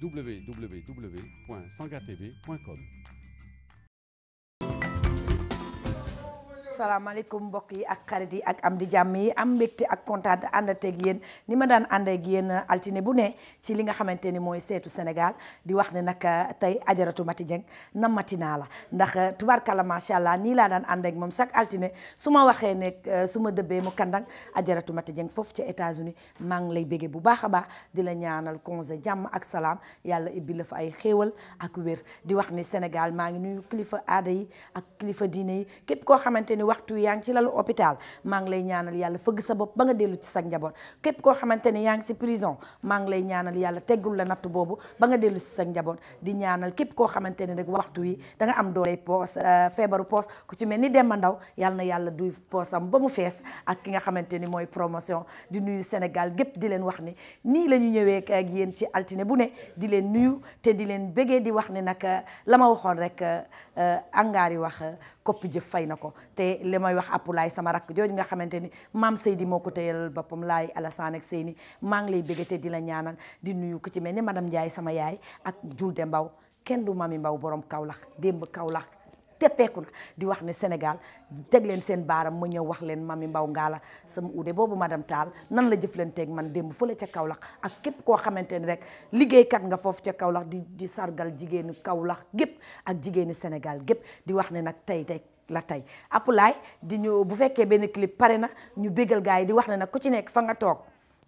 www.sangatv.com. salaamaaleykum mbokk yi ak xarit yi ak am di jàmm yi am mbégte ak kontaan àndateeg yéen ni ma daan ànd ak yéen altine bu nee ci li nga xamante ni mooy seetu Sénégal di wax ne nag euh, tey ajaratu Mati Dieng na naa la ndax euh, tubaarkàlla macha allah nii laa daan ànd moom chaque altine su ma waxee ne euh, su ma dëbbee mu kandang ajaratu Mati jeng foofu ci États-Unis maa ngi lay bége bu baax a baax di la ñaanal congé jàmm ak salaam yàlla ibbi la fa ay xéewal ak di wax ni Sénégal maa ngi nuyu kilifa aada yi ak waxtu yaa ngi ci lalu hôpital maa ngi lay ñaanal yàlla fëgg sa bopp ba nga dellu ci sa njaboot képp koo xamante ne yaa ngi si prison maa ngi lay ñaanal yàlla teggul la natt boobu ba nga dellu si sa njaboot di ñaanal képp koo xamante ne rek waxtu wi da nga am doole poos euh, feebaru poos ku ci mel ni Demba Ndaw yàlla na yàlla duy poosam ba mu fees ak ki xamante ni mooy promotion di nuyu Sénégal gépp di leen wax ni nii la ñu ñëwee ak yéen ci altine bu ne di leen nuyu te di leen bëggee di wax ni nag euh, la waxoon rek euh, angaar yi wax koppi jëf fay na ko te li may wax appulaay sama rakk jooju nga xamante ni maam Seydi moo ko téyal boppam laay Alassane ak Seyni maa ngi lay béggatee di la ñaanal di nuyu ku ci mel ni madame Ndiaye sama yaay ak Julde Mbaw kenn du mami Mbaw borom Kaolack démb Kaolack teppeeku na di wax ne Sénégal teg leen seen baaram ma ñëw wax leen mami Mbaw Ngala sama uude boobu madame Tall nan la jëflanteeg man démb fële ca Kaolack ak képp koo xamante ni rek liggéeykat nga foofu ca Kaolack di di sargal jigéenu Kaolack gépp ak jigéenu Sénégal gépp di wax ne nag tey tey la tey Apulaay di ñëw bu fekkee benn clip pare na ñu béggal gars yi di wax ne nag ku ci nekk fa nga toog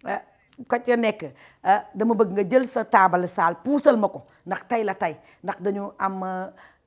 eh, ka ca nekk eh, dama bëgg nga jël sa taabal saal puusal ma ko ndax tey la tey ndax dañu am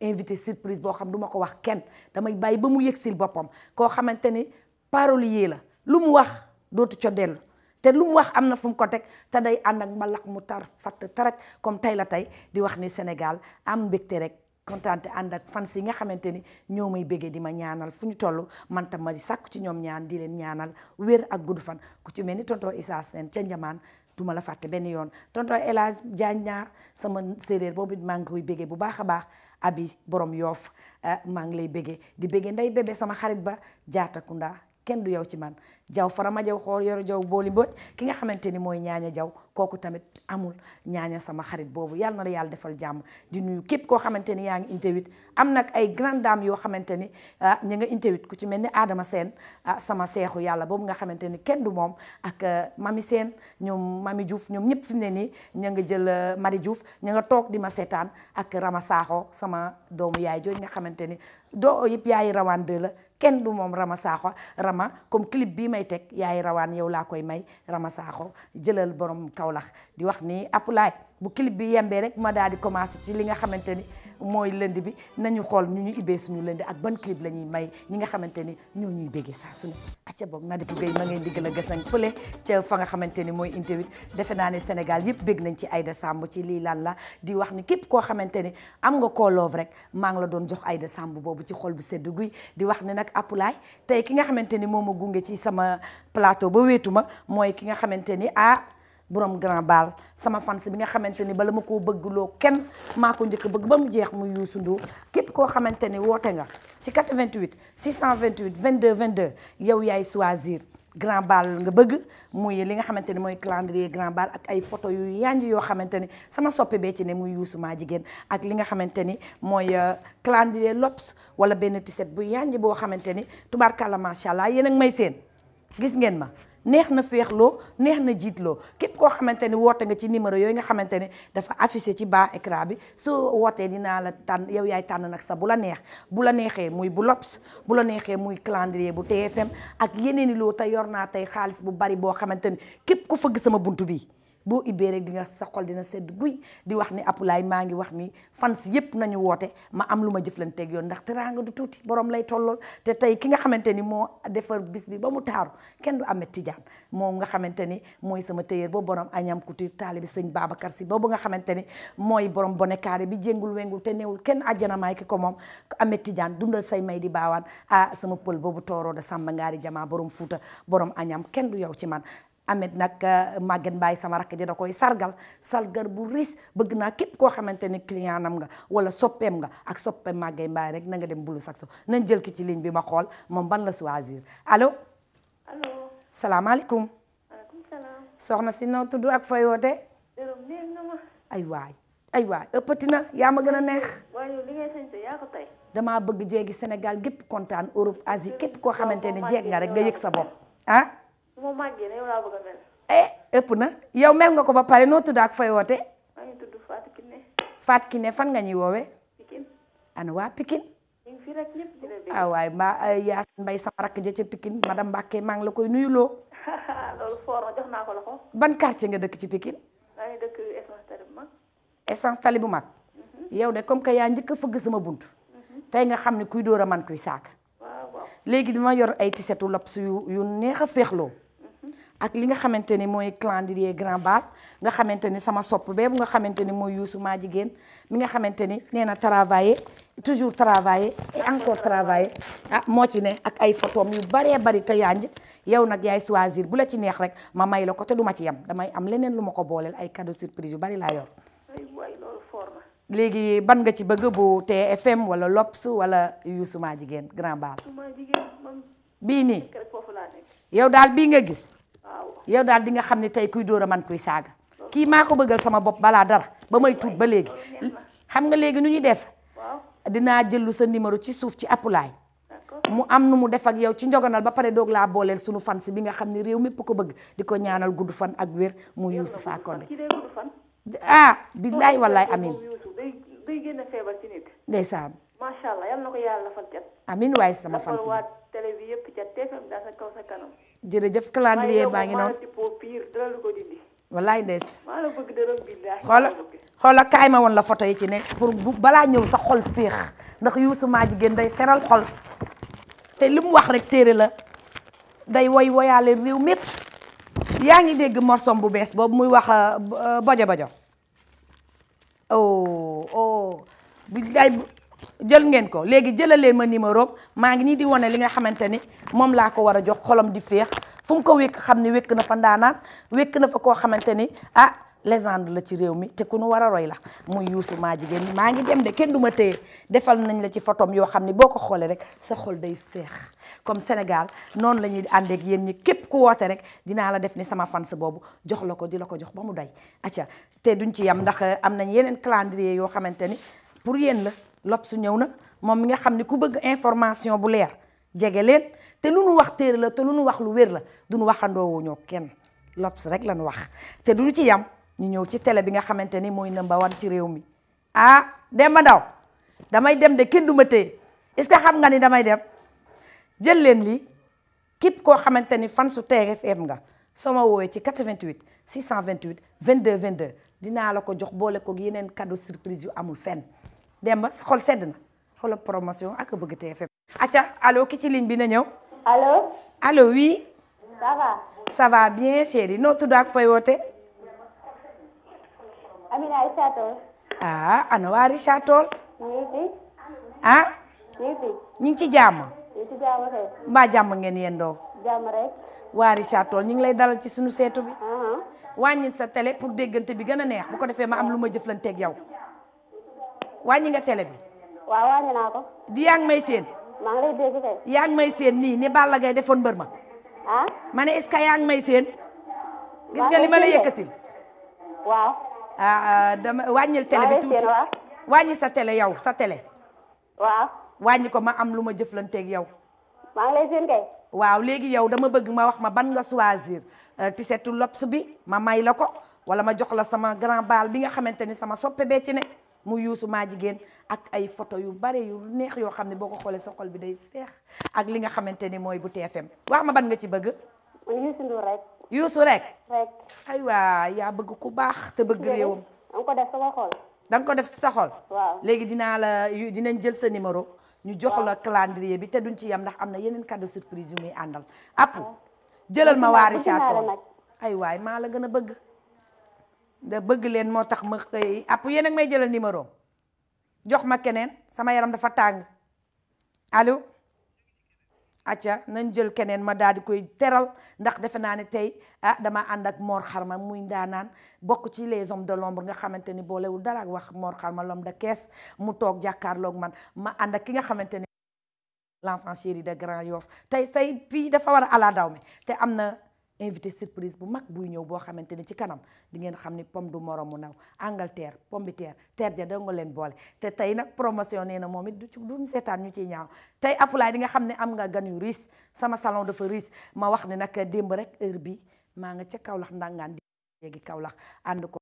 eh, invité surprise boo xam du ma ko wax kenn damay bàyyi ba mu yëgsil boppam koo xamante ni parolier la lu mu wax dootu ca dellu te lu mu wax am na fu mu ko teg te day ànd ak mbalax mu tar fatt tarak comme tey la tey di wax ni Sénégal am mbégte rek kontaan te ànd ak fan si nga xamante ni ñoo may bëggee di ma ñaanal fu ñu toll man tam ma di sàkku ci ñoom ñaan di leen ñaanal wér ak gudd fan ku ci mel ni tonton Issa Sène ca njamaan duma la fàtte benn yoon tonton El Hadj Diagne ñaar sama séeréer boobu maa ngi koy bëggee bu baax a baax abi borom yoof eh, maa ngi lay bëggee di bëggee nday bébé sama xarit ba jaatakunda kenn du yow ci man jaw farama jaw xool yoro jaw booli mboj ki nga xamante ni mooy ñaaña jaw kooku tamit amul ñaaña sama xarit boobu yàlla na la yàlla defal jàmm di nuyu képp koo xamante ni yaa ngi interview am nag ay grande dame yoo xamante ni ah, ña nga interview ku ci mel ni Adama Sène ah, sama seexu yàlla boobu nga xamante ni kenn du moom ak ah, Mami seen ñoom Mami Diouf ñoom ñëpp fi mu ne nii ña nga jël mari Diouf ña nga toog di ma seetaan ak Rama Sakho sama doomu yaay jooju nga xamante ni doo yëpp yaay rawaan de la kenn du moom Rama Sakho Rama comme clip bii may teg yaay rawaan yow laa koy may Rama Sakho jëlal borom Kaolack di wax ni Apulaay bu clip bi yembee rek ma daal di commencé ci li nga xamante ni mooy lënd bi nañu xool ñu ñu ibbee suñu lënd ak ban clip la ñuy may ñi nga xamante ni ñoo ñuy béggee saa su ne acca boog Madické Gueye ma ngay diggal a gasang fële ca fa nga xamante ni mooy interview defe naa ne Sénégal yëpp bégg nañ ci Aïda Samb ci lii lan la di wax ni képp koo xamante ni am nga koo loof rek maa ngi la doon jox Aïda Samb boobu ci xol bu sedd guy di wax ne nag Apulaay tey ki nga xamante ni moom ma gunge ci sama plateau ba wéetu ma mooy ki nga xamante ni ah borom grand bal sama fans bi nga xamante ni bala ma ko bëgguloo kenn maa ko njëkk bëgg ba mu jeex muy Youssou Ndour képp koo xamante ni woote nga ci 88 628 22 22 yow yaay choisir grand bal nga bëgg muy li nga xamante ni mooy calendrier grand bal ak ay photo yu yanj yoo xamante ni sama soppe bee ci ne muy Youssou maa jigéen ak li nga xamante ni mooy euh, calendrier lops wala benn tiset bu yanj boo xamante ni tubaarkàlla macha allah yéen a seen gis ngeen ma neex na féexloo neex na jiitloo képp koo xamante ni woote nga ci numéro yooyu nga xamante ne dafa affiché ci bas ecra bi soo wootee dinaa la tànn yow yaay tànn nag sax bu la neex bu la neexee muy bu L'Obs bu la neexee muy clandrier bu TFM ak yeneeni loo te yor naa tey xaalis bu bari boo xamante ni képp ku fëgg sama bunt bi boo ibbee rek di nga sa xol dina sedd guy di wax ni Apulaay maa ngi wax ni fans yépp nañu woote ma am lu ma jëflanteeg yoon ndax teraanga du tuuti borom lay tollool te tey ki nga xamante ni moo defar bis bi ba mu taaru kenn du Amet Tijaan moom nga xamante ni mooy sama téyéer ba borom añam couture taalibi sëñ Babacar Si boobu nga xamante ni mooy borom bonekaare bi jéngul wengul te newul kenn àjjana maay ki ko moom Amet Tijaan dundal say may di baawaan ah sama pël boobu tooroo da Samba Ngaari Jamaa borom Fuuta borom añam kenn du yow ci man amet nag eh, Maguette Mbaye sama rakk ji da koy sargal sargal bu ris bëgg naa képp koo xamante ni client nam nga wala soppeem nga ak soppeem Maguette Mbaye rek na nga dem bulu sax so nañ jël ki ci ligne bi ma xool moom ban la choisir allo. allo soxna si noo tudd ak fooy woote. ay waay ay waay ëppati na yaa ma gën a neex. dama li ngay sañse yaa ko bëgg jéegi Sénégal gépp kontaan Europe Asie képp koo xamante ni jeeg nga rek nga yëg sa bopp ah. moo màggee na yow laa bëgg a mel. eh ëpp na yow mel nga ko ba pare noo tudd ak fay woote. maa ngi tudd fan nga ñuy woowee. Pikine. ana waa Pikine. ñu ngi fi rek ñëpp di ah, mbaa Yacine Mbaye sama rakk ja ca pikin madame Mbacke maa ngi la koy nuyuloo. loolu ban quartier nga dëkk ci Pikine. essence tali bu mag. Mhm. yow de comme que yaa njëkk a fëgg sama bunt. Mhm. tey nga xam ne kuy dóor a man kuy saaka. léegi dama yor ay tisetu laps yu yu neex a féexloo ak li nga xamante ni mooy calendrier grand bal nga xamante ni sama sopp bee bu nga xamante ni mooy yuusu maa jigéen mi nga xamante ni nee na travailler toujours travailler et encore travailler ah moo ci ne ak ay photom yu baree bari te yanj yow nag yaay choisir bu la ci neex rek ma may la ko te du ma ci yem damay am leneen lu ma ko booleel ay cadeau surprise yu bari laa yor léegi ban nga ci bëgg bu TFM wala Lops wala yuusu maa jigéen grand bal bii nii yow daal bii nga gis yow daal di nga xam ne tey kuy dóor a man kuy saaga kii maa ko bëggal sama bopp balaa dara ba may tuut ba léegi xam nga léegi nu ñuy def dinaa jëlu sa numéro ci suuf ci appulaay mu am nu mu def yow ci njoganal ba pare doog laa booleel sunu fan si bi nga xam ne réew mépp ko bëgg di ko ñaanal gudd fan ak wér mu Youssoufa Condé ah billaay wallaay amin day génn feebar ci nit ndeysaan jërëjëf calendrier baa ngi noonu wallaay ndees xoola xoola kaay ma woon la photo yi ci ne pour bu balaa ñëw sa xol feex ndax Youssou maa génn day seral xol te li mu wax rek téere la day woy woyaale réew mépp yaa ngi dégg morsom bu bees boobu muy wax euh, bojo bojo oh oh billaay jël ngeen ko léegi jëlalee ma numéro maa ngi nii di wane li nga xamante ni moom laa ko war a jox xolam di féex fu mu ko wékk xam ne wékk na fa ndaanaan wékk na fa koo xamante ni ah légende la ci réew mi te ku nu war a roy la muy Youssou maa jigéen ñi maa ngi dem de kenn du ma téye defal nañ la ci photom yoo xam ne boo ko xoolee rek sa xol day féex comme Sénégal noonu la ñuy ànd yéen ñi képp ku woote rek dinaa la def ni sama fans boobu jox la ko di la ko jox ba mu doy acca te duñ ci yam ndax eh, am nañ yeneen calendrier yoo xamante ni pour yéen la L'Obs ñëw na moom mi nga xam ne ku bëgg information bu leer jege leen te lu nu wax téere la te lu nu wax lu wér la du nu waxandoowoo ñoo kenn L'Obs rek la nu wax te du ñu ci yam ñu ñëw ci tele bi nga xamante ni mooy number one ci réew mi ah dem Demba Ndaw damay dem de kenn du ma téye est-ce que xam nga ni damay dem jël leen lii képp koo xamante ni fan su TFM nga soo ma woowee ci 88 628 22 22 dinaa la ko jox boole ko yeneen cadeau surprise yu amul fenn Demba xol sedd na xoolal promotion ak bëgg TFM. acca allo ki ci ligne bi na ñëw. alo allo oui. ça va. ça va bien chérie noo tudd ak fooy woote. Amina Richard ah ana waa Richard Toll. Ah? ñu ngi ci jàmm. mbaa jàmm ngeen yendoo. jàmm rek. waa ñu ngi lay dalal ci suñu seetu bi. Uh-huh. wàññil sa télé pour déggante bi gën a neex bu ko defee ma am lu ma jëf jëflanteeg yow. wàññi nga télé bi. waaw di yaa may seen. maa may seen nii ni la Gaye defoon mbër ma. ah. ma ne est-ce que yaa may seen. gis nga li ma la yëkkatil. waaw. Ah, ah, wàññil télé wàññi sa télé yow sa tele waaw. wàññi ko ma am lu ma jëflanteeg yow. maa waaw léegi yow dama bëgg ma wax ma ban nga choisir euh, tisetu lops bi ma may la ko wala ma jox la sama grand bal bi nga xamante ni sama soppe bee ci ne. mu yuusu maa jigéen ak ay photo yu bare yu neex yoo xam ne boo ko xoolee sa xol bi day feex ak li nga xamante ni mooy bu TFM waa ma ban nga ci bëgg. Youssou Ndour rek. Youssou rek. yaa bëgg ku baax te bëgg réewam. da nga ko def da nga ko def si sa xol. léegi dinaa la dinañ jël sa numéro. ñu jox la calendrier bi te duñ ci yam ndax am na yeneen cadeau surprise yu muy àndal. app jëlal ma waa Richard ay waay maa la gën a bëgg. da bëgg leen moo tax ma xëy app yéen ak may jëlal numéro jox ma keneen sama yaram dafa tàng allo acca nañ jël keneen ma daal di koy teral ndax defe naa ne tey ah dama ànd ak Mor ma muy ndaanaan bokk ci les hommes de l'ombre nga xamante ni boolewul dara ak wax Mor Xarma l'homme de caisse mu toog jàkkaarloog man ma ànd ak ki nga xamante ni l'enfant chéri de Grand Yoff tey tey fii dafa war a ala mi te am na invité surprise bu mag buy ñëw boo xamante ne ci kanam di ngeen xam ni pomme du moromu naw Angleterre pombiteer terre ja da nga leen boole te tey nag promotion nee na moom it du ci duñ seetaan ñu ciy ñaaw tey Apulaay di nga xam ne am nga gan yu riis sama salon dafa riis ma wax ni nag démb rek heure bi maa nga ca Kaolack ndangaan di léegi Kaolack ànd ko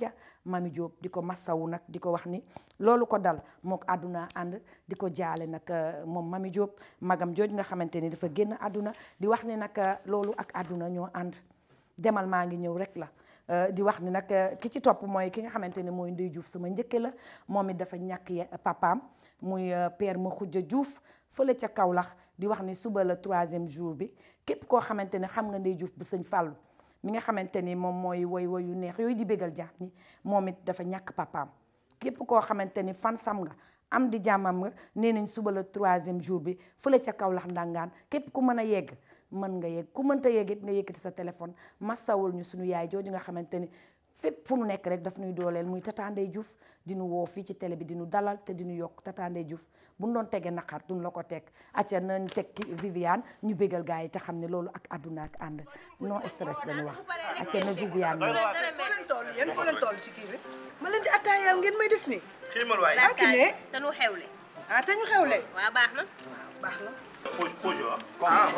ja Mami Diop di ko massawu nag di ko wax ni loolu ko dal mook àdduna ànd di ko jaale nag euh, moom Mami Diop magam jooj nga xamante ni dafa génn àdduna di wax ni nag euh, loolu ak àdduna ñoo ànd demal maa ngi ñëw rek la euh, di wax ni nag ki ci topp mooy ki nga xamante ne mooy Ndey juuf sama njëkke la moom it dafa ñàkk papaam muy père ma a juuf fële ca Kaolack di wax ni suba la troisième jour bi képp koo xamante ne xam nga Ndey Diouf bu sëñ fàllu mi nga xamante ni moom mooy woy yu neex yooy di bégal jaam ñi moom it dafa ñàkk papaam képp koo xamante ni fan sam nga am di jàmmam nga nee nañ suba la troisième jour bi fële ca kaw lax ndàngaan képp ku mën a yegg mën nga yegg ku mënta yegg it nga yëkkati sa téléphone masawul ñu suñu yaay jooju nga xamante ni fépp fu mu nekk rek daf nuy dooleel muy Tata Ndeye Diouf di nu fii ci télé bi dinu dalal te dinu yokk Tata Ndeye bu ñu doon tegee naqar duñ la ko teg acca nañ teg Viviane ñu bégal gaa yi te xam ne loolu ak àdduna ak ànd non stress lañu wax acca na Viviane ma leen di attaayaal ngeen may def nii. xiimal waay ne te ñu xewle. ah te ñu xewle. waaw baax baax na. Fojo ah.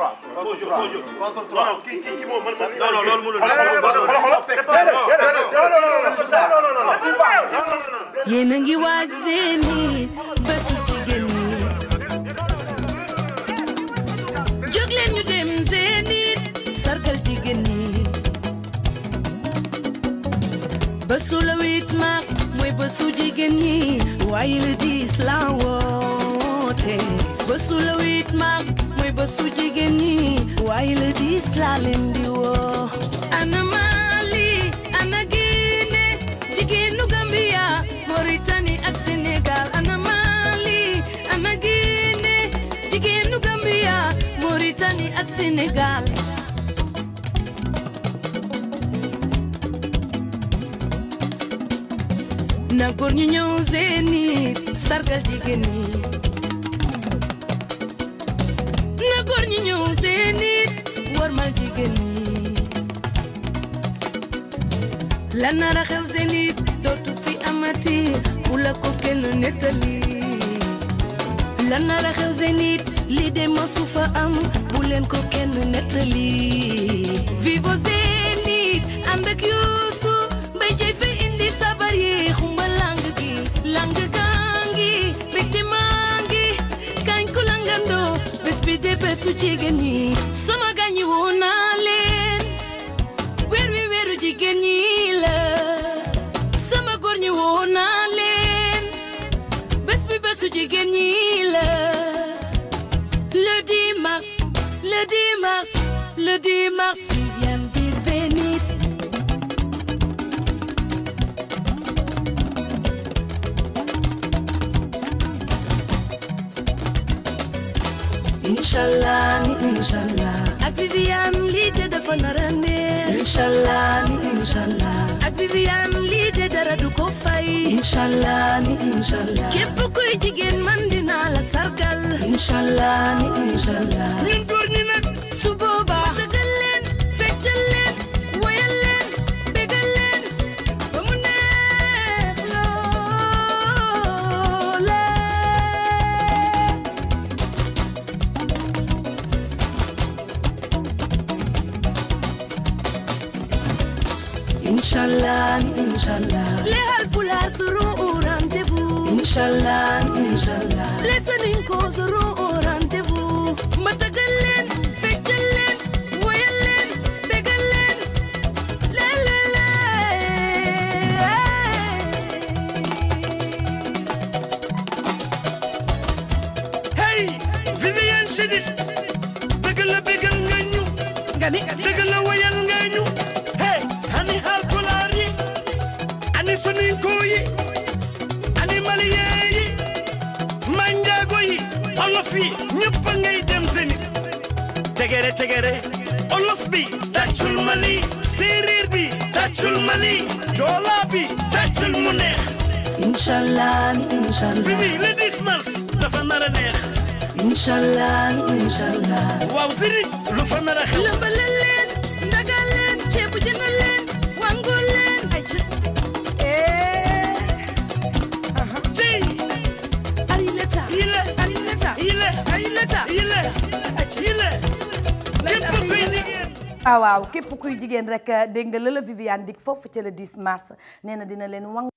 Fojo Fojo. contre trois non kii kii moom man man. non non loolu mënul a. yéen a ngi waaj seen i bésu jigéen ñi. jóg leen ñu dem seen i sargal jigéen ñi. bésu le 8 mooy bésu jigéen ñi waaye le 10 Christmas mooy bésu jigéen ñi waaye le diis laa leen woo ana Mali ana Guinée jigéenu Gambia Mauritanie ak Sénégal ana Mali ana Guinée jigéenu Gambia Mauritanie ak Sénégal na góor ñu ñëw sargal jigéen ñi jigéen ñi la nara dootu fi amati bu ko kenn nettali la nara xew seeni li de masu fa am ko kenn nettali vivo Zénith ànd yuusu mbay jëy fi sabar yi xumba lang gi lang gangi mbégte maa ngi kañ ku langandoo bés bi de bésu jigéen ñi jigéen ñi la sama góor ñi woo naa leen bés bi bésu jigéen ñi la le 10 mars le 10 mars le 10 mars Viviane biir Zénith incha allah ni incha allah ak Viviane lii de dafa nar a neex inshallah ni inshallah ak Viviane lii de dara du ko fay inshallah ni inshallah képp kuy jigéen man dinaa la sargal inshallah ni inshallah mooy soninko yi animalier olof yi ñëpp a ngay dem seni tegere tegere olof bi tàccul mali séeréer bi tàccul mali joola bi tàccul mu neex inchallah inchallah fi bi le 10 mars dafa nar a neex inchallah inchallah waaw sëriñ lu fa nar waaw képp kuy jigéen rek eh, dégg nga lëla Viviane Dik foofu ca la 10 mars nee na dina leen wang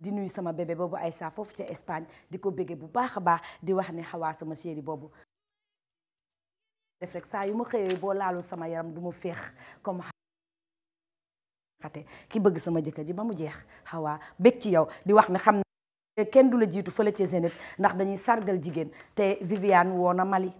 di nuyu sama bébé boobu Aïssa foofu ca Espagne di ko béggee bu baax a baax di wax ni xawaa sama chéri boobu def saa yu ma xëyee boo laalul sama yaram du ma féex ki bëgg sama jëkkër ji ba mu jeex xawaa bég ci yow di wax ne xam kenn du la jiitu fële ca Zénith ndax dañuy sargal jigéen te Viviane woo na Mali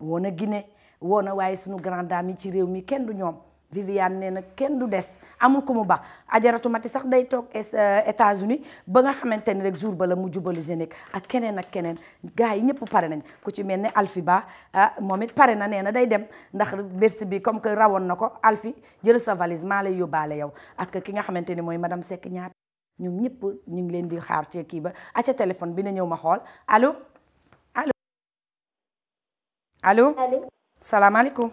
woo na Guinée woo na waaye suñu grande dame ci réew mi kenn du ñoom vivian nee na kenn du des amul ku mu ba ajaratu mati sax day toog euh, États-Unis ba nga xamante ni rek jour ba la mu jubali Zénith ak keneen ak keneen gars yi ñëpp pare nañ ku ci mel ni Alfi Ba ah moom it pare na nee na day dem ndax Bercy bi comme que rawoon na ko Alfi jël sa valise maa lay yóbbaale yow ak ki xamante ni mooy madame Seck ñaata ñoom ñëpp ñu ngi leen di xaar ci kii ba aca ah, téléphone bi na ñëw ma xool allo allo allo salaamaaleykum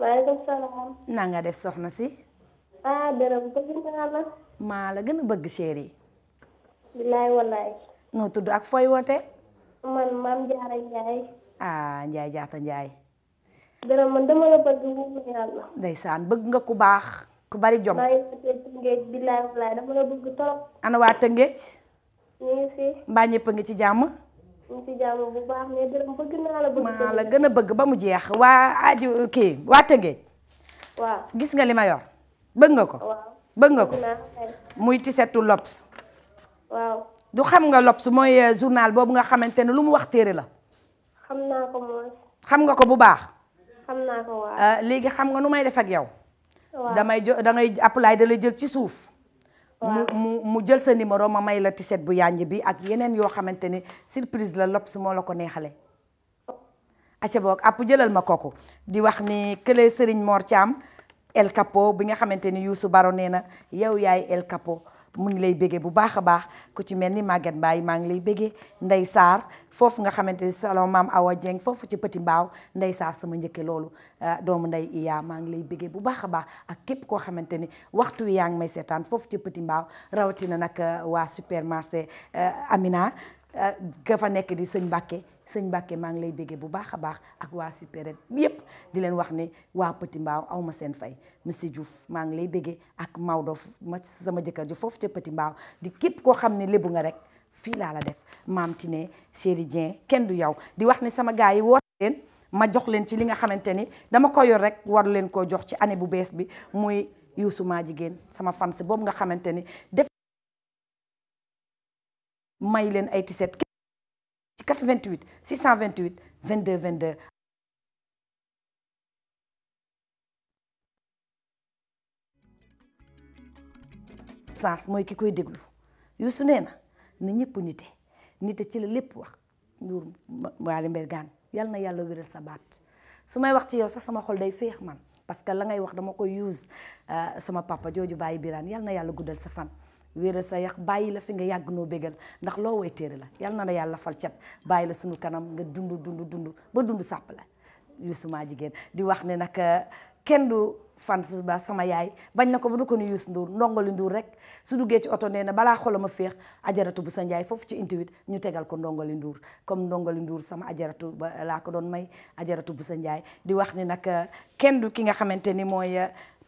waaleykum salaam na def soxna si ah la maa la gën a bëgg chéri bilaay walaay noo tudd ak fooy woote man maam jaara njaay ah njaay jaata njaay dërëm man dama la bëgg wu bëgg nga ku baax ku bari jom. maa waa Tëngéej. mbaa ñëpp a ngi ci jàmm. ñu ci jàmm bu baax la. maa la gën a bëgg ba mu jeex waa aj kii waa Tëngéej. gis nga li ma yor. bëgg nga ko bëgg nga ko. muy tisetu Lobs. du xam nga Lobs mooy euh, journal boobu nga xamante ne lu mu wax téere la. xam xam nga ko bu baax. xam euh, léegi xam nga nu may def ak yow. damay jo da ngay appelé da jël ci suuf. mu mu jël sa numéro ma may la t-shirt bu yànj bi ak yeneen yoo xamante ni surprise la lops moo la ko neexale acca boog app jëlal ma kooku di wax ni kële Serigne moor Thiam El Capo bi nga xamante ni Youssou Baro nee na yow yaay El Capo mu ngi lay béggee bu baax a baax ku ci mel ni Maguette mbaay maa ngi lay béggee Ndeye Sarr foofu nga xamante ni salon maam Awa Dieng foofu ci Petit Mbaaw Ndeye Sarr sama njëkke loolu euh, doomu ndey Iya maa ngi lay béggee bu baax a baax ak képp koo xamante ni waxtu wi yaa ngi may seetaan foofu ci Petit Mbaaw rawatina nag euh, waa supermarché euh, Amina ka fa nekk di sëñ Mbàkke sëñ Mbàkke maa ngi lay béggee bu baax a baax ak waa supérette yépp di leen wax ne waa Petit Mbaaw aw ma seen fay monsieur Diouf maa ngi lay béggee ak Maodo ma sama jëkkër ji foofu ca Petit Mbaaw di képp koo xam ne lébu nga rek fii laa la def maam Tine Chéri Dieng kenn du yow di wax ne sama gaa yi woote leen ma jox leen ci li nga xamante ni dama ko yor rek waru leen koo jox ci année bu bees bi muy Youssou maa jigéen sama fans boobu nga xamante ni def leen ay tiset 88 628 22 22. sens mooy ki koy déglu Youssou nee na na ñëpp nite nite ci la lépp wax Ndour Waly Mbergane yal na yàlla wéral sa baat su may wax ci yow sax sama xol day feex man parce que la ngay wax dama koy use euh, sama papa jooju bàyyi biraan yal na yàlla guddal sa fan wéera sa yax bàyyi la fi nga yàgg noo bégal ndax loo woy téere la yal na la yàlla fal cat bàyyi la sunu kanam nga dund dund dund ba dundu sàpp la Youssou maa jigéen di wax ne nag euh, kenn du fans ba sama yaay bañ na ko ba du ko ni Youssou Ndour ndongoli Ndour rek su duggee ci oto nee na balaa xolam a féex ajaratu bu sa njaay foofu ci intuit ñu tegal ko ndongoli Ndour comme ndongoli Ndour sama ajaratu ba euh, laa ko doon may ajaratu bu sa njaay di wax ni nag euh, kenn du ki nga xamante ni mooy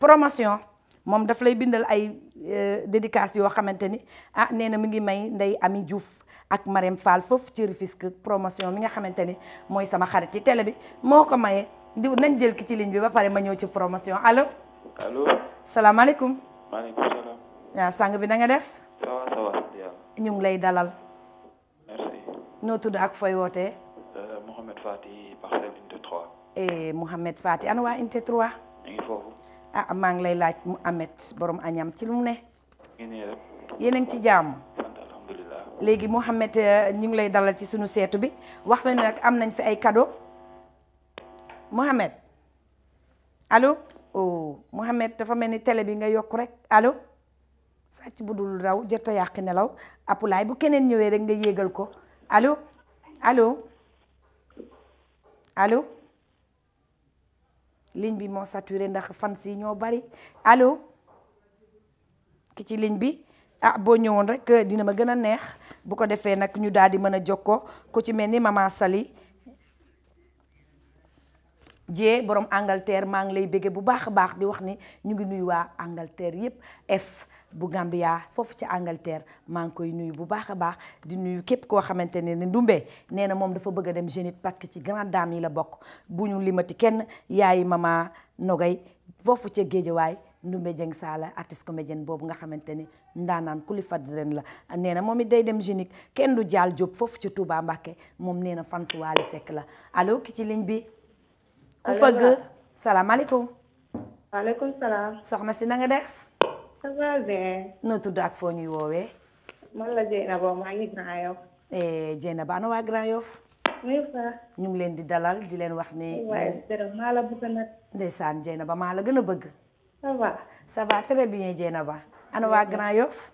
promotion moom daf lay bindal ay euh, dédicace yoo xamante ni ah nee na mi ngi may Ndey Ami Diouf ak Marème Fall foofu ci Rufisque promotion mi nga xamante ni mooy sama xarit ci télé bi moo ko maye di nañ jël ki ci ligne bi ba pare ma ñëw ci promotion allo. allo salaamaaleykum. maaleykum salaam. sang bi na def. ça ngi lay dalal. noo tudd ak fooy woote euh, Mouhamed Fati parcelle unité eh, waa unité 3. ah maa ngi lay laaj mu amet boroom añam ci lu mu ne. yéen a ngi ci jàmm. léegi Mouhamed euh, ñu ngi lay dalal ci sunu seetu bi wax la ne nag am nañ fi ay kado Mouhamed alo oh Mouhamed dafa mel ni télé bi nga yokk rek alo sàcc bu dul raw jot a yàq nelaw apulaay bu keneen ñëwee rek nga yéegal ko alo allo allo. ligne bi moo saturé ndax fan yi ñoo bari allo ki ci ligne bi ah boo ñëwoon rek euh, dina ma gën a neex bu ko defee nag ñu daal di mën a ko ku ci mel ni maman Sali jee borom Angleterre maa ngi lay béggee bu baax a baax di wax ni ñu ngi nuy waa Angleterre yépp f bu Gambia foofu ci Angleterre maa ngi koy nuyu bu baax a baax di nuyu képp koo xamante ne ne Ndumbé nee na moom dafa bëgg a dem genit parce que ci grande dame yi la bokk bu ñu limati kenn yaay yaayi mama Nogay foofu ca Géejawaay ndumbe Dieng Saala artiste comédienne boobu nga xamante ni ndaanaan kuli fad ren la nee na moom it day dem Zénith kenn du jaal Diop foofu ci Touba Mbacké moom nee na fans Wally la allo ki ci ligne bi. ku fëgg salaamaaleykum. maaleykum soxna si na def. ça va noo tudd ak foo ñuy oh, woowee. Eh? man la Dieynaba maa ngi Grand Yoff. Dieynaba eh, leen di dalal di leen wax ne. waaye dara maa la maa la gën a bëgg. ça va. ça va très bien Dieynaba. ana waa Grand Yoff.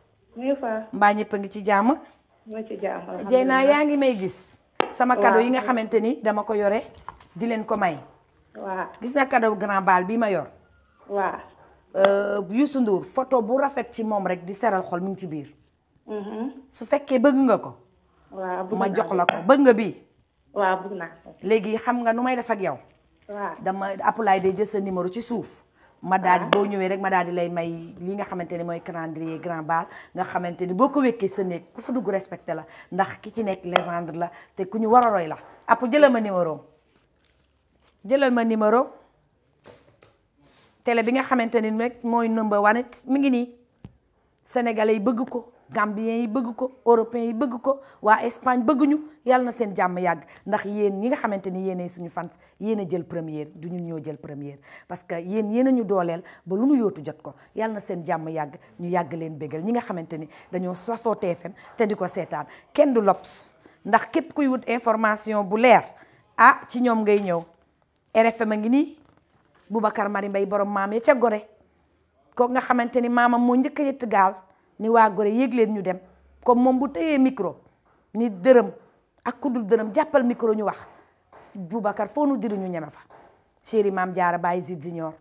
mbaa ñëpp a ngi ci jàmm. ma yaa ngi may gis. sama cadeau yi nga xamante ni dama ko yore di leen ko may. waaw gis na cadeau grand bal bi ma yor. Euh, Youssou Ndour photo bu rafet ci moom rek di seral xol mu ngi ci biir. Mm-hmm. su fekkee bëgg nga ko. waaw ma jox la ko bëgg nga bii. waaw bëgg léegi xam nga nu may def ak yow. waaw dama appelé day jël sa numéro ci suuf. ma daal boo ñëwee rek ma daal di lay may li nga xamante ni mooy calendrier grand bal nga xamante ni boo ko wekkee sa néeg ku fa dugg respecté la ndax ki ci nekk légende la te ku ñu war a roy la app jëlal ma numéro jëlal ma numéro. télé bi nga xamante ni rek mooy number one it mi ngi nii sénégalais bëgg ko gambien yi bëgg ko européens yi bëgg ko waa Espagne bëgguñu yàlla na seen jàmm yàgg ndax yéen ñi nga xamante ni yéenay suñu fans yéen a jël première du ñu ñoo jël première parce que yéen yéen a ñu dooleel ba lu mu yootu jot ko yàlla na seen jàmm yàgg ñu yàgg leen bégal ñi nga xamante ni dañoo safoo TFM te di ko seetaan kenn du lobs ndax képp kuy wut information bu leer ah ci ñoom ngay ñëw Boubacar Mari Mbay borom maam ya ca Gorée kooku nga xamante ni maamam moo njëkk a yëtt gaal ni waa Gorée yéeg leen ñu dem comme moom bu tëyee micro ni dërëm ak kuddul dërëm jàppal micro ñu wax Boubacar foo nu diri ñu ñeme fa chéri maam jaara bàyyi zid junior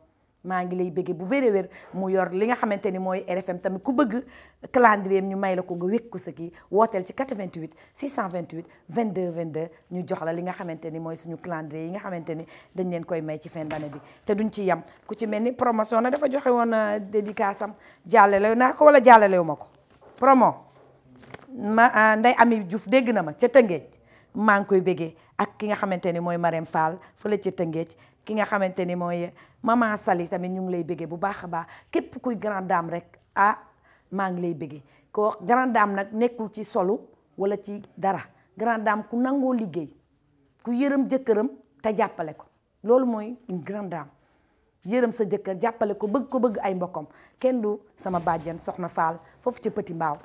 maa ngi lay bëggee bu béré wér mu yor li nga xamante ni mooy RFM tamit ku bëgg calendrier ñu may la ko nga wékk ko sa kii wooteel ci vingt 628 vingt 22 ñu jox la li nga xamante ni mooy suñu calendrier yi nga xamante ni dañ leen koy may ci fin d'année bi te duñ ci yam ku ci mel ni promotion na dafa joxe woon euh, dédicace am jàllale naa ko wala jàllalewu ma ko promo ma euh, Ndeye Ami Diouf dégg na ma ca Tëngéej maa ngi koy bëggee ak ki nga xamante ni mooy Marème Fall fële ca Tëngéej ki nga xamante ni mooy maman Sali tamit ñu ngi lay bëggee bu baax a baax képp kuy grande dame rek ah maa ngi lay bëggee ko grande dame nag nekkul ci solo wala ci dara grande dame ku nangoo liggéey ku yërëm jëkkëram te jàppale ko loolu mooy une grande dame yërëm sa jëkkër jàppale ko bëgg ko bëgg ay mbokkam kenn du sama bàjjen soxna Fall foofu ci Petit Mbaaw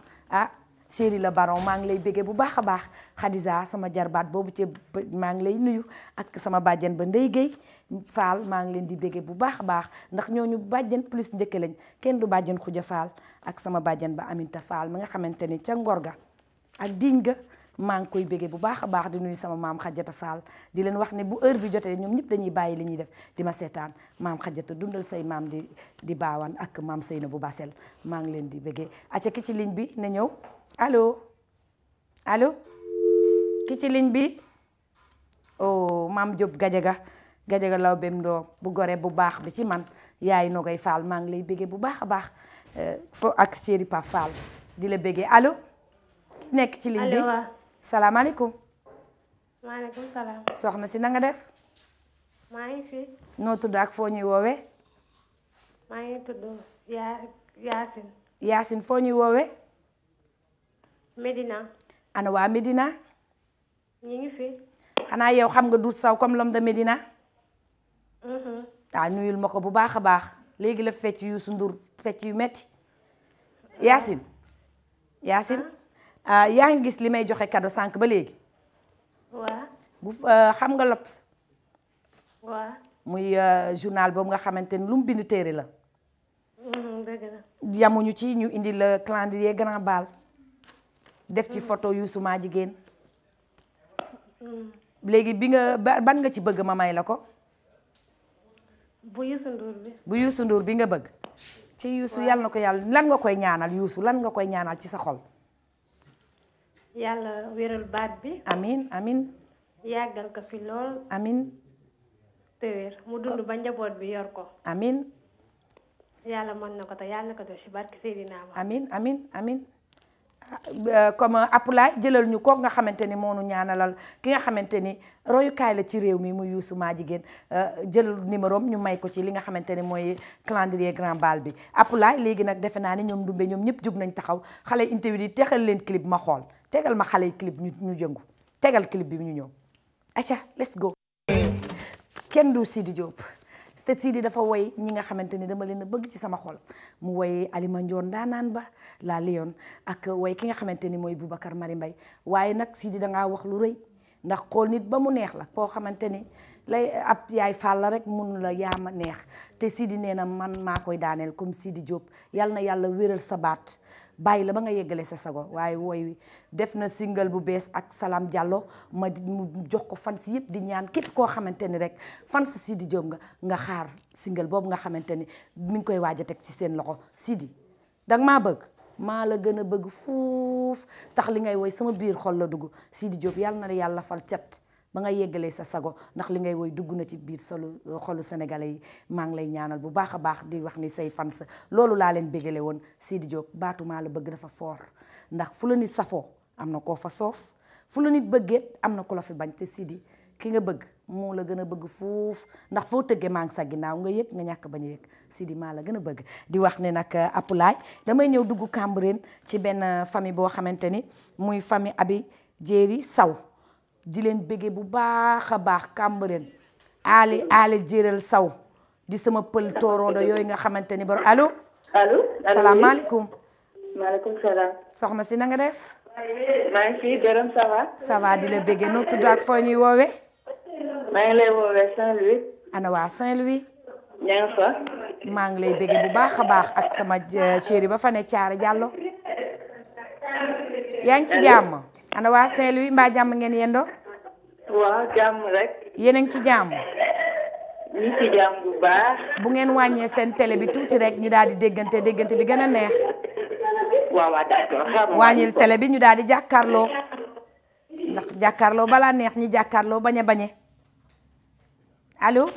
chéri la baron maa ngi lay béggee bu baax a baax Khadija sama jarbaat boobu ci maa ngi lay nuyu ak sama bàjjan ba ndey Guèye Fall maa ngi leen di béggee bu baax a baax ndax ñooñu bàjjen plus njëkke lañ kenn du bàjjen Khoudia Fall ak sama bàjjen ba Aminta Fall mi nga xamante ni ca ngor ga ak diñ ga maa ngi koy béggee bu baax a baax di nuyu sama maam Khadiata Fall di leen wax ne bu heure bi jotee ñoom ñëpp dañuy bàyyi li ñuy def di ma seetaan maam Khadiata dundal say maam di di baawaan ak maam na bu Basel maa ngi leen di béggee acca ki ci ligne bi na ñëw allo allo ki ci ligne bi oh maam Diop Gajaga Gajaga Lawbeem Ndoom bu gore bu baax bi ci man yaay Nogay Fall maa ngi lay béggee bu baax a baax eh, fo ak chéri Pa Fall di la béggee allo. ki nekk ci ligne bi allo waaw. soxna si nanga def. maa ngi fi. noo tudd ak foo ñuy woowee. maa ngi tudd Yacine. foo ñuy woowee. Medina. ana waa xanaa yow xam nga Doudou Saw comme l'homme de Medina. waaw mm-hmm. ah, nuyul ma ko bu baax a baax léegi la fecc Youssou Ndour fecc yu metti yaasin Yacine ah. ah, yaa ngi gis li may joxe cadeau sànq ba léegi. waaw bu euh, xam nga L'Obs. waaw muy euh, journal boobu nga xamante ni lu mu bind téere la. Mm-hmm, yamuñu ci ñu indi le calendrier grand bal. def ci mm. photo Youssou maa jigéen léegi bi nga ban nga ci bëgg ma may la ko bu Youssou Ndour bi nga bëgg ci Youssou yal na ko yàlla lan nga koy ñaanal Youssou lan nga koy ñaanal ci sa xol yàlla wéral baat bi amin amin yàggal ko fi lool amin te wér mu dund ba njaboot bi yor ko amin yàlla mën na ko te yàlla na ko def ci barke Seydina amin amin amin Euh, comme Apulaay jëlal ñu kook nga xamante ni moonu ñaanalal ki nga xamante ni royukaay la ci réew mii muy yuusu maa jigéen euh, jël numéro ñu may ko ci li nga xamante ni mooy calendrier grand bal bi Apulaay léegi nag defe naa ni ñoom dumbe ñoom ñëpp jub nañ taxaw xale interview yi tegal leen clip ma xool tegal ma xale yi clip ñu ñu jëngu tegal clip bi ñu ñëw aca let's go kenn du di Diop te Sidi dafa woy ñi nga xamante ni dama leen a bëgg ci sama xol mu woy Alima Ndione naan ba la Lion ak woy ki nga xamante ni mooy Boubacar Mari Mbaye waaye nag da dangaa wax lu rëy ndax xool nit ba mu neex la koo xamante ni lay ab yaay fàll rek mun la ma neex te Sidi nee na man maa koy daaneel comme Sidi jóob yal na yàlla wéral sa baat bàyyi la ba nga yeggalee sa sago waaye woy wi def na single bu bees ak Salam Diallo ma di mu jox ko fan fans yëpp di ñaan képp koo xamante ni rek fan si Sidi Diop nga nga xaar single boobu nga xamante ni mi ngi koy waaj a teg ci seen loxo Sidi danga maa bëgg maa la gën a bëgg fuuf tax li ngay woy sama biir xol la dugg di jóob yàlla na la yàlla fal cet ba ngay yeggalee sa sago ndax li ngay woy dugg na ci biir solu xolu sénégalais yi maa ngi lay ñaanal bu baax a baax di wax ni say fan fans loolu laa leen bégale woon Sidi jóob baatu maa la bëgg dafa foor ndax fu la nit safoo am na koo fa soof fu la nit bëggee am na ku la fi bañ te Sidi ki nga bëgg moo la gën a bëgg fuuf ndax foo tëggee maa ngi sa ginnaaw nga yëg nga ñàkk ba ñu yëg Sidi maa la gën a bëgg di wax ne nag euh, Apulaay damay ñëw dugg Cambérène ci benn euh, famille boo xamante ni muy famille Abi Jéeri Saw di leen bëggee bu baax a baax Cambérène Ali Ali Jéeral Saw di sama pël tooroodo yooyu nga xamante ni bor allo. allo salaamaaleykum. soxna si na def. maa di la bëggee noo tudd ak ñuy woowee. maa Saint-Louis. waa Saint-Louis. maa ngi lay bëgg bu baax a baax ak sama eh, chéri ba fa ne Thiaré Diallo. yaa ngi ci jàmm. ana waa Saint-Louis mbaa jàmm ngeen yendoo. waaw yéen a ngi ci jàmm. bu baax. bu ngeen wàññee seen télé bi tuuti rek ñu daal di déggante déggante bi gën a neex. waaw wàññil télé bi ñu daal di jàkkaarloo. ndax jàkkaarloo balaa neex ñi jàkkaarloo bañ a bañe. alo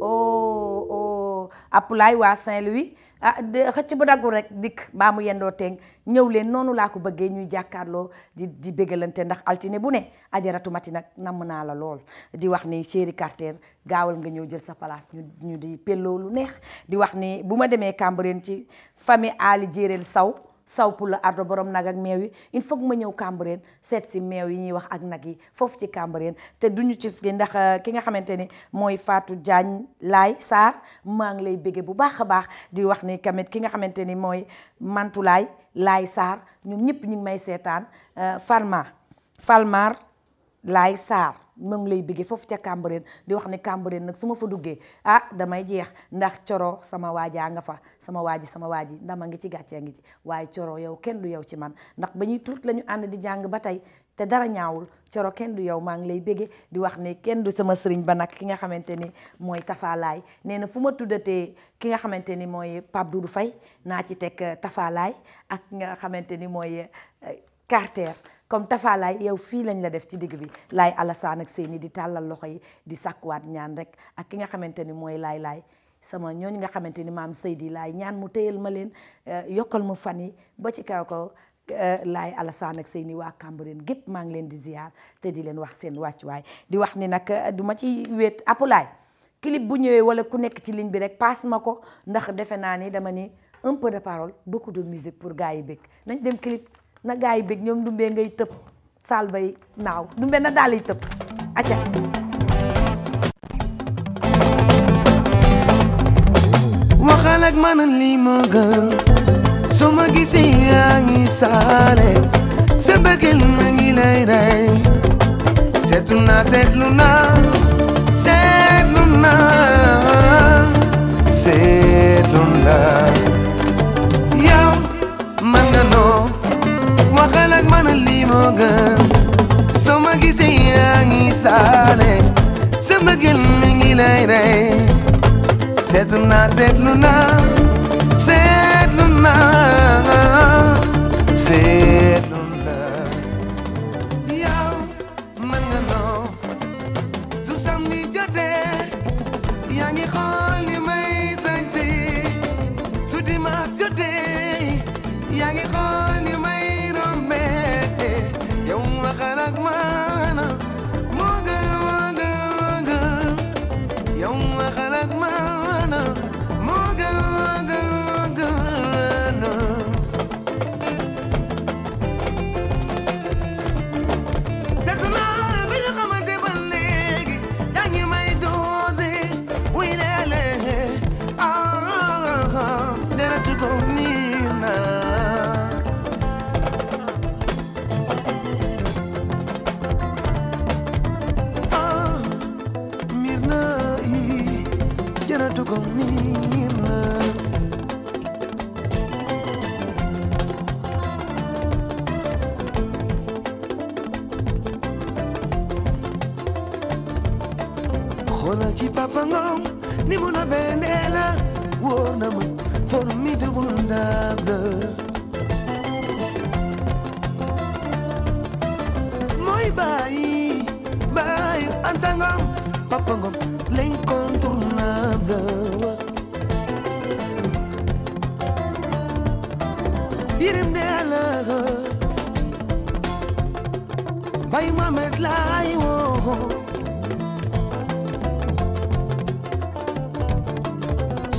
oh oh Apulaay waa Saint-Louis ah xëcc bu daggul rek dikk baa mu yendoo teeng ñëw leen noonu laa ko bëggee ñuy jàkkaarloo di di bégalante ndax altine bu ne ajaratu mati nag namm naa la lool di wax ni chéri Carter gaawal nga ñëw jël sa place ñu ñu di pelloo lu neex di wax ni bu ma demee Cambérène ci famille Ali Jérel Saw saw pour la ardo borom nag ak meew yi il faut ma ñëw Cambérène seet si meew yi ñuy wax ak nag yi foofu ci Cambérène te duñu ci fi ndax euh, ki nga xamante ni mooy faatu jaañ Laay Sarr maa ngi lay béggee bu baax a baax di wax ni tamit ki nga xamante ni mooy mantu Laay Sarr ñoom ñëpp ñu ngi may seetaan euh, Falmar Falmar Laay Sarr ma ngi lay bigge foofu ca Cambérène di wax ne Cambérène nag su ma fa duggee ah damay jeex ndax coro sama waajaa nga fa sama waaji sama waaji ndama ngi ci gàccee ngi ci waaye coro yow kenn du yow ci man ndax ba ñuy tuut la ñu ànd di jàng ba tey te dara ñaawul coro kenn du yow maa ngi lay bége di wax ni kenn du sama sëriñ ba nag ki nga xamante ni mooy tafalaay nee na fu ma tuddatee ki nga xamante ni mooy du du Faye naa ci teg tafalaay ak nga xamante ni mooy eh, Carter comme tafalaay yow fii lañ la def ci digg bi laay alasaan ak seeni di tàllal loxo yi di sàkkuwaat ñaan rek ak ki nga xamante ni mooy laay laay sama ñooñu nga xamante ni maam Seydi laay ñaan mu téyal ma leen euh, yokkal mu fan yi ba ci kaw ko euh, laay alasaan ak seeni waa Cambérène gépp maa ngi leen di ziar te di leen wax seen wàccuwaay di wax ni nag euh, duma ma ci wéet apulaay clip bu ñëwee wala ku nekk ci ligne bi rek paas ma ko ndax defe naa ni dama ni un peu de parole beaucoup pour gars yi bëgg na gaa yi ñoom dumbee ngay tëb saal naaw dumbe na daal yi tëb acca waxal ak man lii ma gën su ma gisee yaa ngi saale sa bëggel ma ngi lay rey seetlu naa seetlu naa seetlu naa seetlu naa tooga soo ma gisee yaa ngi saale sa mbëggeel mi ngi lay rey seetlu naa seetlu naa seetlu naa seetlu naa yow mën nga noo su samedi jotee yaa ngi xool li may sañ si su dimanche jotee yaa ngi xool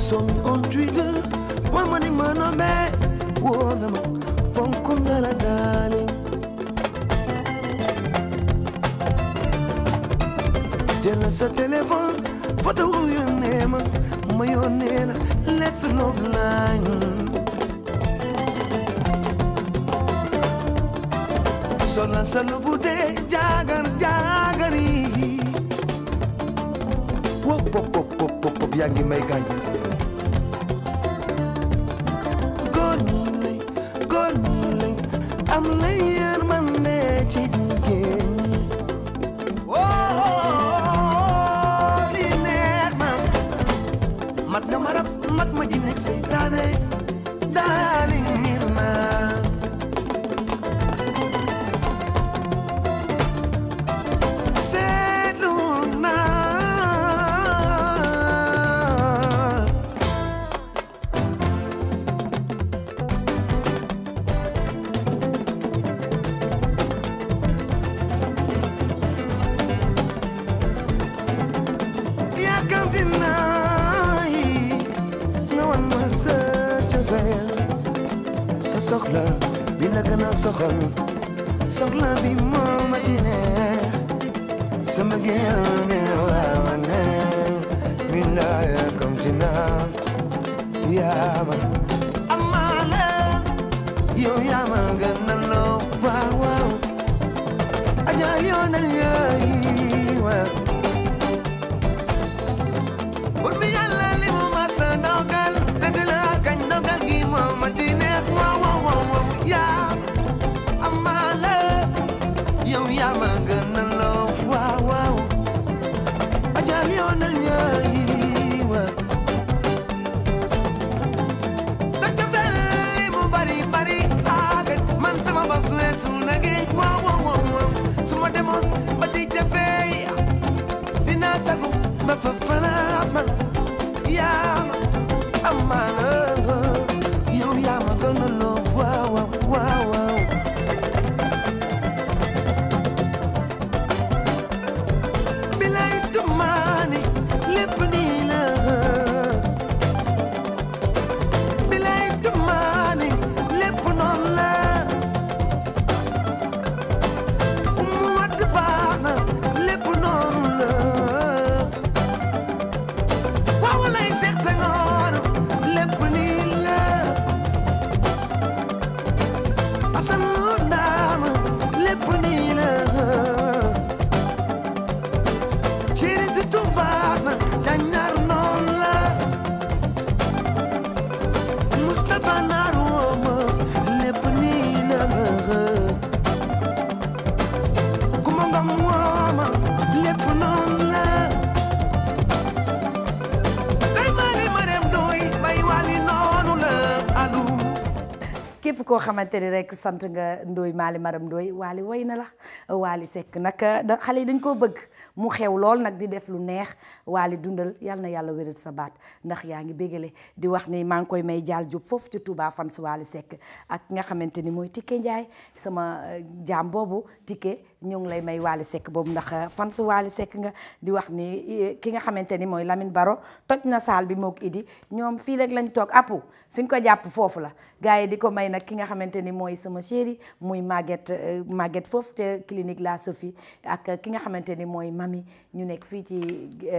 son on trigger one money man on me wona ma fon ko ngala dale dela sa telephone photo you name ma yo let's love line sonna salubute jagar jagari pop pop pop pop pop yangi may gañ am na yërmande ci jigéen ñi woo oh, li neex ma mag nga ma rab mag ma dina seytaan sama gel koo xamante ni rek sant nga Ndoye Maly Maram Ndoye Waly woy na la Waly sekk nag da xale yi dañ koo bëgg mu xew lool nag di def lu neex Waly dundal yal na yàlla wéral sa baat ndax yaa ngi béggale di wax ni maa ngi koy may jaal jub foofu ci Touba si Waly sekk ak nga xamante ni mooy tikkee Ndiaye sama eh, jaam boobu Tické ñu ngi lay may Wally sekk boobu ndax eh, fan su Wally nga di wax ni eh, ki nga xamante ni mooy Lamine Baro toj na saal bi mook idi ñoom fii rek lañ toog appu fi nga ko jàpp foofu la gars yi di ko may nag ki nga xamante ni mooy sama chéri muy Maguette eh, Maguette foofu te clinique la Sophie ak ki nga xamante ni mooy mami ñu nekk fii ci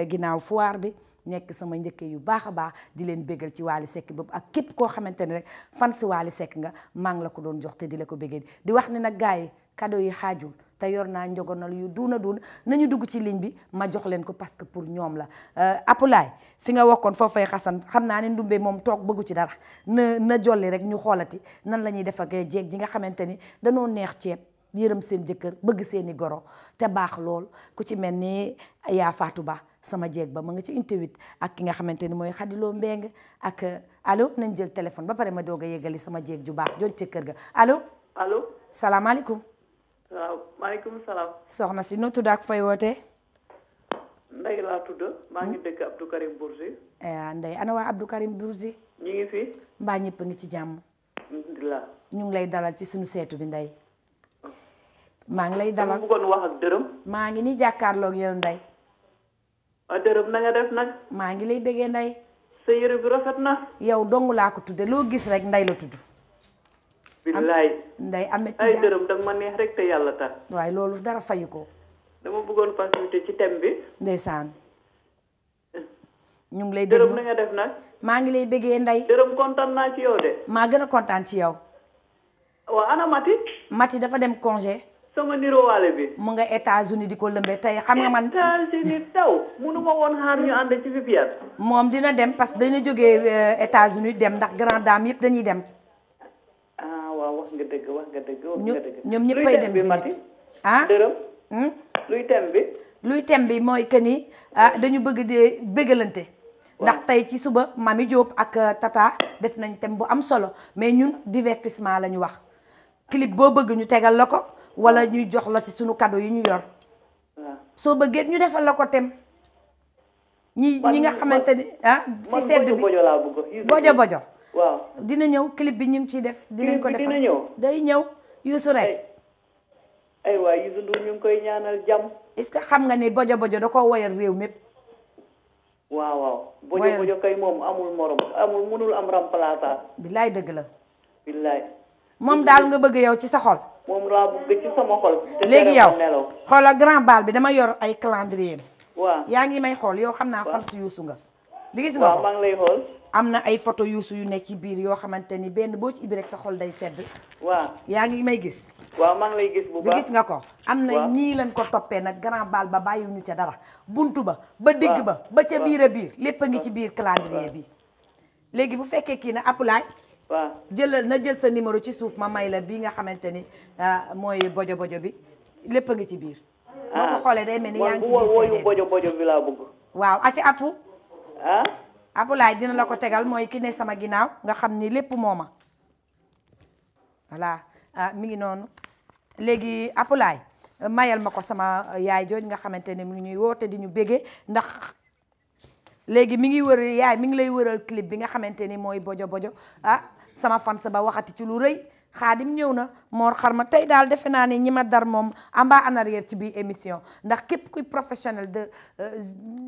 ginnaaw foire bi nekk sama njëkke yu baax a baax di leen bégal ci Wally Seck boobu ak képp koo xamante ni rek fan si Wally Seck nga maa ngi la ko doon jox te di la ko bégal di wax ni nag gars yi cadeau yi xaajul te yor naa njogonal yu duuna duun nañu dugg ci ligne bi ma jox leen ko parce que pour ñoom la euh, apulaay fi nga waxoon foofay xasan xam naa ne ndumbe moom toog bëggu ci dara na jolli rek ñu xoolati nan la ñuy def ak jeeg ji nga xamante ni danoo neex ceeb yërëm seen jëkkër bëgg seeni goro te baax lool ku ci mel ni yaa faatu ba sama jeeg ba ma nga ci interview ak ki nga xamante ni mooy xadiloo mbeng ak euh, alo nañ jël téléphone ba pare ma doog a yeggali sama jeeg ju baax jooju ca kër ga allo allo salaamaaleykum waaw maaleykum salaam. soxna si noo tudd ak fay wootee. Ndeye laa tudd. maa ngi dëkk Abdou Karim Bourgi. Eh, Ndeye ana waa Abdou Karim Bourgi. ñu ngi mbaa ñëpp ngi ci jàmm. alhamdulilah. ñu ngi lay dalal ci suñu seetu bi Ndeye. maa ngi lay dalal maa ngi ni jàkkaarloog yow Ndeye. waa ah, dërëm na nga def nag. maa ngi lay bëggee Ndeye. sa yére bi rafet na. yow dong laa ko tudd loo gis rek Ndeye la tudd. billaay nday amet ay dërëm danga ma neex rek te yàlla tax waaye loolu dara fayu ko dama bëggoon facilité ci thème bi ndeysaan ñu ngi lay déglu dërëm na def nag maa ngi lay bëggee nday dërëm kontaan naa ci yow de maa gën a kontaan ci yow waaw ana Mati Mati dafa dem congé sama nirowaale bi mu nga États-Unis di ko lëmbee tey xam nga man États-Unis taw mënuma woon xaar ñu ànd ci Viviane moom dina dem parce que dina jógee euh, États-Unis dem ndax grand dame yëpp dañuy dem wax nga dëgg wax nga dëgg wax ñoom ñëppay dem si nit ah? hmm? luy thème bi mooy que ni ah, dañu bëgg de bëggalante ndax tey ci suba Mami Diop ak euh, Tata def nañ thème bu am solo mais ñun divertissement lañu wax clip boo bëgg ñu tegal la ko wala ñuy jox la ci suñu cadeau yi ñu yor soo bëggee ñu defal la ko tem ñi ñi nga xamante ni ah si sedd bi bojo bojo waaw dina ñëw clip bi ñu ngi ciy def. dinañ ko defar dina ñëw. day ñëw Youssou rek. ay waay Youssou Ndour ñu koy ñaanal jàmm. est-ce que xam nga ni bojo bojo da koo woyal réew mépp waaw waaw. bojo bojo kay moom amul morom amul mënul am remplaçant. billaay dëgg la. billaay. moom daal nga bëgg yow ci sa xol. moom laa bëgg ci sama xol. léegi yow xoola grand bal bi dama yor ay calendrier. waaw yaa ngi may xool yow xam naa fan si Youssou nga. di gis nga ko waaw lay xool. am na ay photo yuusu yu nekk ci biir yoo xamante ni benn boo ci ibbi rek sa xol day sedd. waaw yaa ngi may gis. waaw maa lay gis bu baax gis nga ko. am na ñii lañ ko toppee nag grand bal ba bàyyiwuñu ca dara. bunt ba ba digg ba ba ca biir biir lépp a ngi ci biir calendrier bi. léegi bu fekkee kii na appelaay. jëlal na jël sa numéro ci suuf ma may la bii nga xamante ni ah, mooy bojo bojo bi lépp a ngi ci biir. boo ko ah. xoolee day mel ni yaa ngi ci biir bojo bojo bi laa bëgg. waaw a Abdoulaye dina la ko tegal mooy ki ne sama ginnaaw nga xam ni lépp mooma voilà ah mi ngi noonu léegi Abdoulaye mayal ma ko sama yaay jooj nga xamante ne mu ngi ñuy woote di ñu bége ndax léegi mi ngi wër yaay mi ngi lay wëral clip bi nga xamante ni mooy bojo bojo ah sama fans ba waxati ci lu rëy xaadim ñëw na moor xar ma tey daal defe naa ne ñi ma dar moom amba en arrière ci biir émission ndax képp kuy professionnel de euh,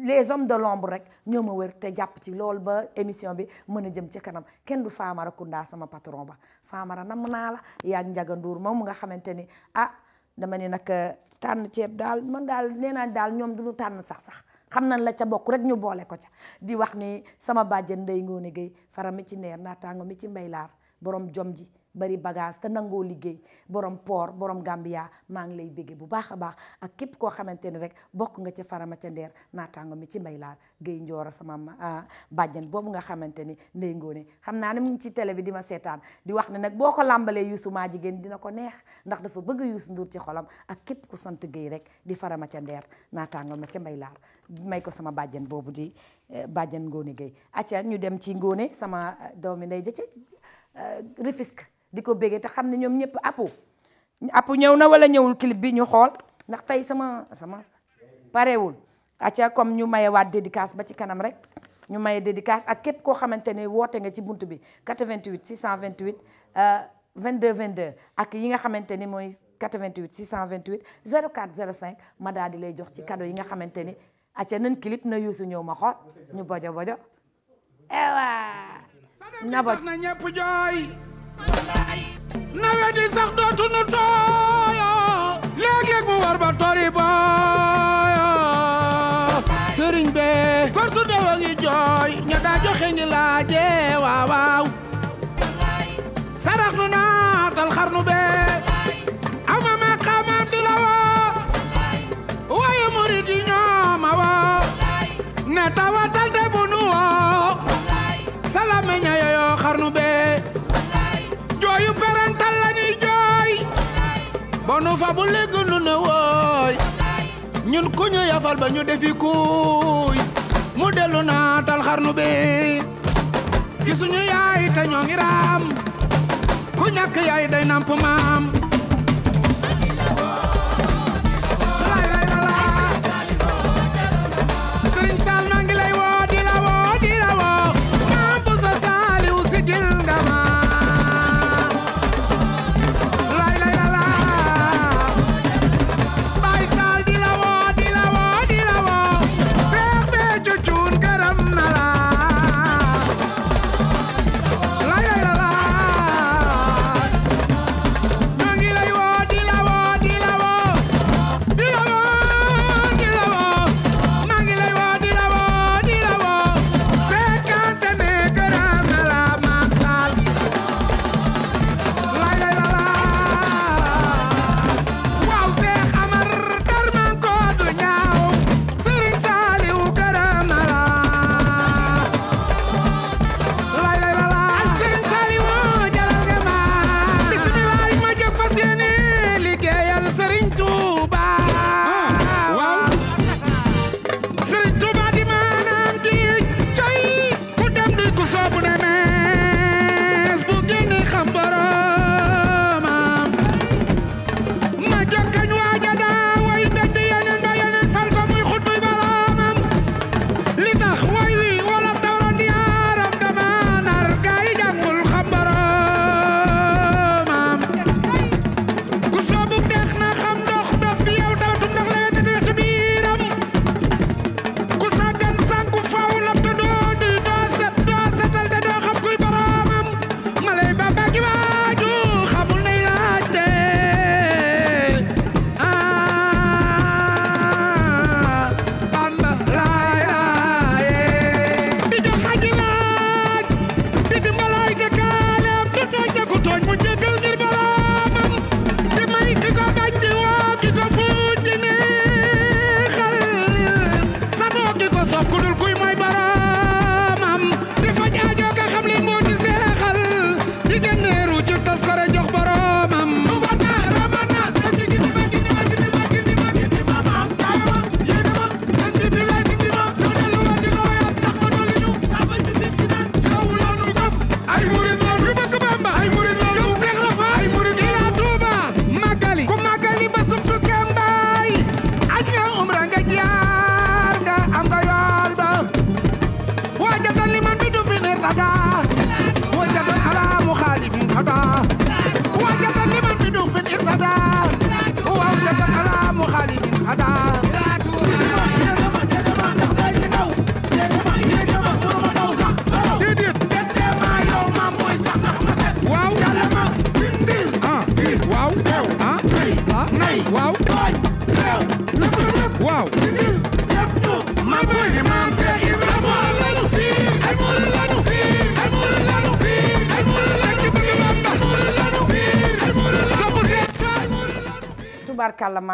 les hommes de l'ombre rek ñoo ma wër te jàpp ci loolu ba émission bi mën a jëm ci kanam kenn du Famara sama patron ba Famara na naa la yaag Njaga ma moom mu nga xamante ni ah dama ne nag euh, tànn ceeb daal man daal nee naa daal ñoom duñu tànn sax sax xam nañ la ca bokk rek ñu boole ko ca di wax ni sama bàjjen Ndeye Ngone Gueye fara mi ci neer naataango mi ci mbay laar borom jom ji bari bagage te nangoo liggéey borom port borom Gambia maa ngi lay béggee bu baax a baax ak képp koo xamante ni rek bokk nga ci farama ca ndeer naataango mi ci mbay laar géy a sama ah, bàjjan boobu nga xamante ni ndey xam naa ne mu ngi ci télé bi di ma seetaan di wax ne nag boo ko làmbalee Youssou maa jigéen dina ko neex ndax dafa bëgg Youssou Ndour ci xolam ak képp ku sant géy rek di farama ca ndeer naataango ma ca mbay laar may ko sama bàjjan boobu di eh, bàjjan ngoone géy acca ñu dem ci ngoone sama eh, doomi nday jëcc eh, Rufisque di ko béggee te xam ne ñoom ñëpp apo apo ñëw na wala ñëwul clip bi ñu xool ndax tey sama sama parewul ca comme ñu maye waat dédicace ba ci kanam rek ñu maye dédicace ak képp koo xamante ne woote nga ci bunt bi cent 88 628 vingt 22 ak yi nga xamante ni mooy 88 628 04 cinq ma daal di lay jox ci cadeau yi nga xamante ni acca nan clip na yuusu ñëw ma xool ñu bojo bojo ewa nawet yi sax dootunu tooyo léeg-léeg mu war ba tori booyo sëriñ be kor su dewa jooy ña daa joxe ngi laaje sarax nu naatal xarnu be ama ma xamam di la woo waaye murid yi ñoo ma woo ne bu nu woo salaame ña yoyo bonu fa bu léeg nu ne wooy ñun ku ñu yafal ba ñu defi kuuy mu dellu naa tal xarnu bi gisuñu yaay te ñoo ku ñàkk yaay day namp maam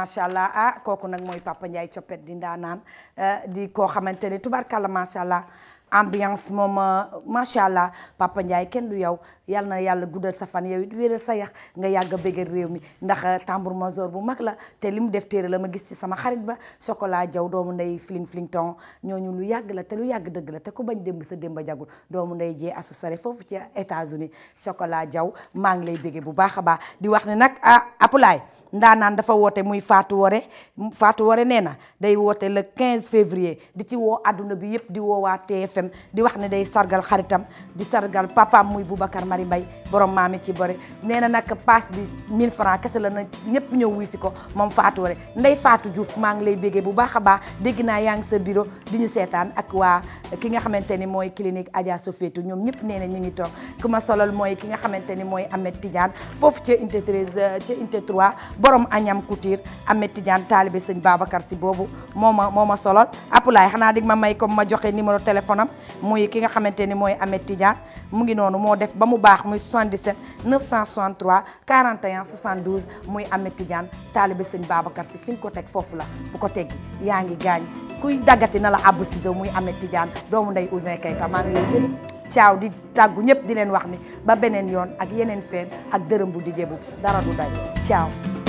macha allah ah kooku nag mooy Papa Ndiaye coppet di ndaanaan eh, di koo xamante ni tubaarkàlla macha allah ambiance moom eh, macha allah Papa Ndiaye kenn du yow yal na yàlla guddal sa fan yow it wéeral sa yax nga yàgg a bégal réew mi ndax euh, tambour major bu mag la te li mu def téere la ma gis ci sama xarit ba chocolat jaw doomu nday fling fling ton ñooñu lu yàgg la te lu yàgg dëgg la te ku bañ démb sa démb jagul doomu nday jee asu sare foofu ci États-Unis chocolat jaw maa ngi lay bége bu baax a baax di wax ne nag ah apulaay ndaanaan dafa woote muy faatu Wore faatu Wore nee na day woote la 15 février di ci woo adduna bi yëpp di woo waa di wax ne day sargal xaritam di sargal papaam muy Boubacar Marie Mbaye borom maami ci bore nee na nag paas bi 1000 kese la na ñëpp ñëw wuy ko moom Fatou rek Ndeye Fatou Diouf maa ngi lay béggee bu baax a baax dégg naa yaa ngi sa bureau di ñu seetaan ak waa ki nga xamante ni mooy clinique Adja Sofietou na ñu ngi toog ku ma solal mooy ki nga ni mooy Ahmed Tidiane foofu ca Unité 13 euh, ca Unité 3 borom Agnam Couture Ahmed Tidiane taalibe sëñ Babacar si boobu moo ma moo ma solal apulaay xanaa dig ma may comme ma joxe numéro téléphone am muy ki nga xamante ni mooy Ahmed Tidiane mu ngi noonu moo def ba baax muy 77 963 41 72 muy Ahmed Tidiane taalibe sëñ Babacar si fi ñu ko teg foofu la bu ko teg yaa ngi gaañ kuy daggati na la àbb si muy Ahmed Tidiane doomu ndey Ouzin Keita maa ngi lay caaw di tàggu ñëpp di leen wax ni ba beneen yoon ak yeneen feem ak dërëm bu dijee boobu dara du day caaw